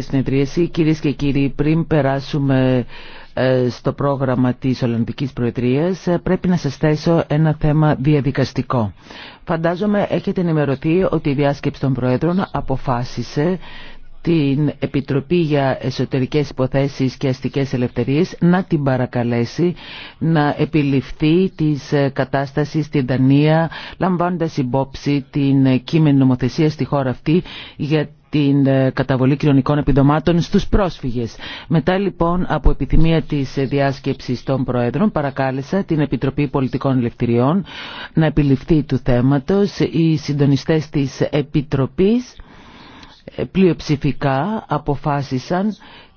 συνεδρίαση. Κυρίες και κύριοι, πριν περάσουμε ε, στο πρόγραμμα της Ολλανδικής Προεδρίας, ε, πρέπει να σας θέσω ένα θέμα διαδικαστικό. Φαντάζομαι έχετε ενημερωθεί ότι η διάσκεψη των Προέδρων αποφάσισε την Επιτροπή για Εσωτερικές Υποθέσεις και Αστικές Ελευθερίες να την παρακαλέσει να επιληφθεί της ε, κατάστασης στην Δανία λαμβάνοντας υπόψη την κείμενη νομοθεσία στη χώρα αυτή για την ε, καταβολή κοινωνικών επιδομάτων στους πρόσφυγες. Μετά λοιπόν από επιθυμία της ε, διάσκεψης των Προέδρων παρακάλεσα την Επιτροπή Πολιτικών Ελευθεριών να επιληφθεί του θέματος. Οι συντονιστές της Επιτροπής ε, πλειοψηφικά αποφάσισαν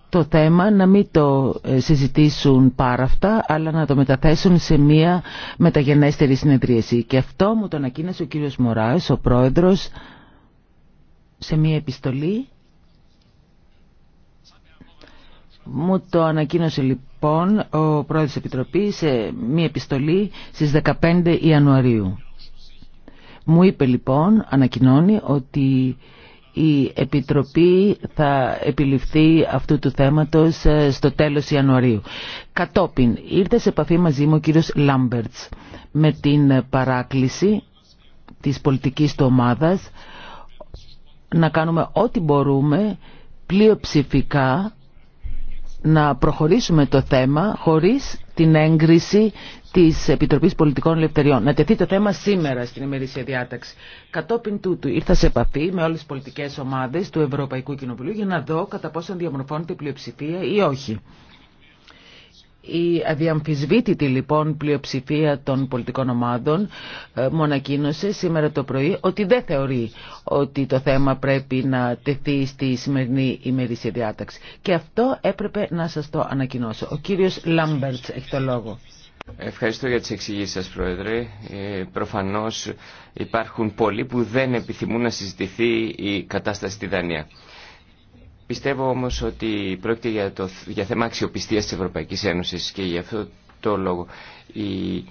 το θέμα να μην το συζητήσουν πάρα αυτά, αλλά να το μεταθέσουν σε μία μεταγενέστερη συνεδρίαση. Και αυτό μου το ανακοίνασε ο κύριος Μωράς, ο πρόεδρος σε μία επιστολή. Μου το ανακοίνωσε λοιπόν ο πρόεδρος Επιτροπής σε μία επιστολή στις 15 Ιανουαρίου. Μου είπε λοιπόν, ανακοινώνει, ότι η Επιτροπή θα επιληφθεί αυτού του θέματος ε, στο τέλος Ιανουαρίου. Κατόπιν ήρθε σε επαφή μαζί μου ο κύριος Λάμπερτς με την παράκληση της πολιτικής του ομάδας να κάνουμε ό,τι μπορούμε πλειοψηφικά να προχωρήσουμε το θέμα χωρίς την έγκριση της Επιτροπής Πολιτικών Ελευθεριών. Να τεθεί το θέμα σήμερα στην ημερήσια διάταξη. Κατόπιν τούτου ήρθα σε επαφή με όλες τις πολιτικές ομάδες του Ευρωπαϊκού Κοινοβουλίου για να δω κατά πόσο διαμορφώνεται πλειοψηφία ή όχι. Η αδιαμφισβήτητη λοιπόν πλειοψηφία των πολιτικών ομάδων ε, μονακίνωσε σήμερα το πρωί ότι δεν θεωρεί ότι το θέμα πρέπει να τεθεί στη σημερινή ημερήσια διάταξη. Και αυτό έπρεπε να σας το ανακοινώσω. Ο κύριος Λάμπερτς έχει το λόγο. Ευχαριστώ για τις εξηγήσεις σας, Πρόεδρε. Ε, προφανώς υπάρχουν πολλοί που δεν επιθυμούν να συζητηθεί η κατάσταση στη Δανία. Πιστεύω όμως ότι πρόκειται για, το, για θέμα αξιοπιστίας της Ευρωπαϊκής Ένωσης και γι' αυτό το λόγο η